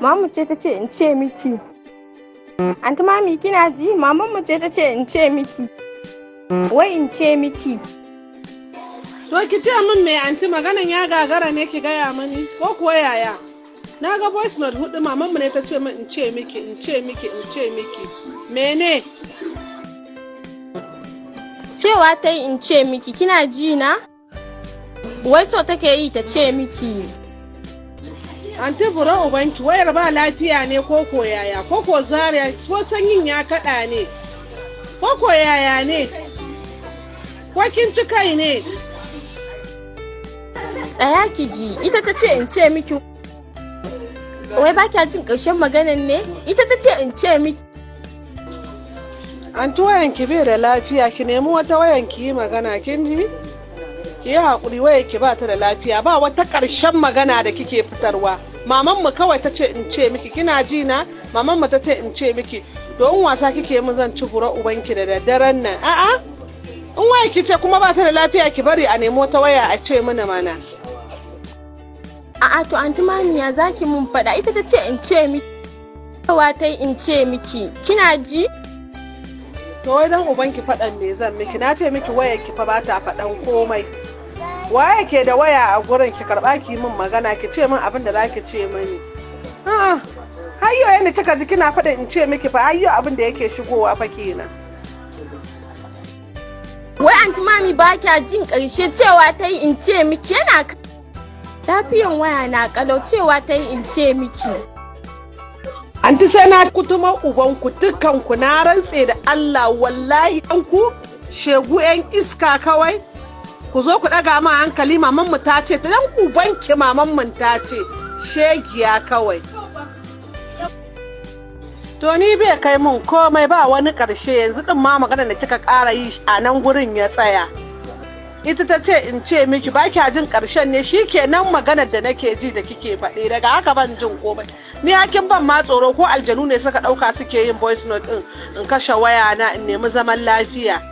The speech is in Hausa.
Mamu ce ta ce in ce miki. Anti mami kina ji? Maman mu ce ta ce in ce miki. Wai in ce miki. To ki ce min me anti maganan ya gagara ne ki gaya mani ko kuwa yaya? Na ga voice note hudu maman mu ne ta ce min in ce miki in ce miki in ce miki. Mene? Cewa ta yi in ce miki kina ji na? Wai so take yi ta ce miki. an tubura ubanki wayar ba lafiya ne ko ko yaya ko ko zariya ko sanyin ya kaɗa ne ko ko yaya ne ko kin ci kai ne tsaya ki ji ita ta ce in ce miki wai ba ki jin ƙarshen maganan ne ita ta ce in ce miki an ki bai da lafiya ki nemi wata yi magana kin ji yi haƙuri waya ki ba ta da lafiya ba wata ƙarshen magana da kike fitarwa maman mu kawai ta ce in ce miki kina ji na maman mu ta ce in ce miki don wasa kike min zan ci gura ubanki da daddaren nan a'a in waya ki ce kuma ba ta da lafiya ki bari a nemo ta waya a ce mana mana a'a to anti maniya zaki mun fada ita ta ce in ce miki Kawa ta in ce miki kina ji to wai dan ki faɗan me zan miki na ce miki waya ki fa ba ta faɗan komai waye ke da waya a gurin ki karba ki min magana ki ce min abin da za ki ce mani hayyo yana kika ji kina faɗa in ce miki fa hayyo abin da yake shigowa fa kenan wai anti mami ba kya jin ƙarshe cewa ta yi in ce miki yana lafiyan waya na kalau cewa ta yi in ce miki anti sai na kutuma ubanku dukanku na rantse da allah wallahi ɗanku shegu 'yan iska kawai ku zo ku ɗaga ma hankali mamanmu ta ce ta dan ku banki mamanmu ta ce shegiya kawai to ni bai kai mun komai ba wani ƙarshe yanzu ɗin ma magana da kika ƙara yi a nan gurin ya tsaya ita ta ce in ce miki ba kya jin ƙarshen ne shi ke nan maganar da nake ji da kike faɗi daga haka ban jin komai ni hakin ban ma tsoro ko aljanu ne suka ɗauka suke yin voice note ɗin in kashe waya na in nemi zaman lafiya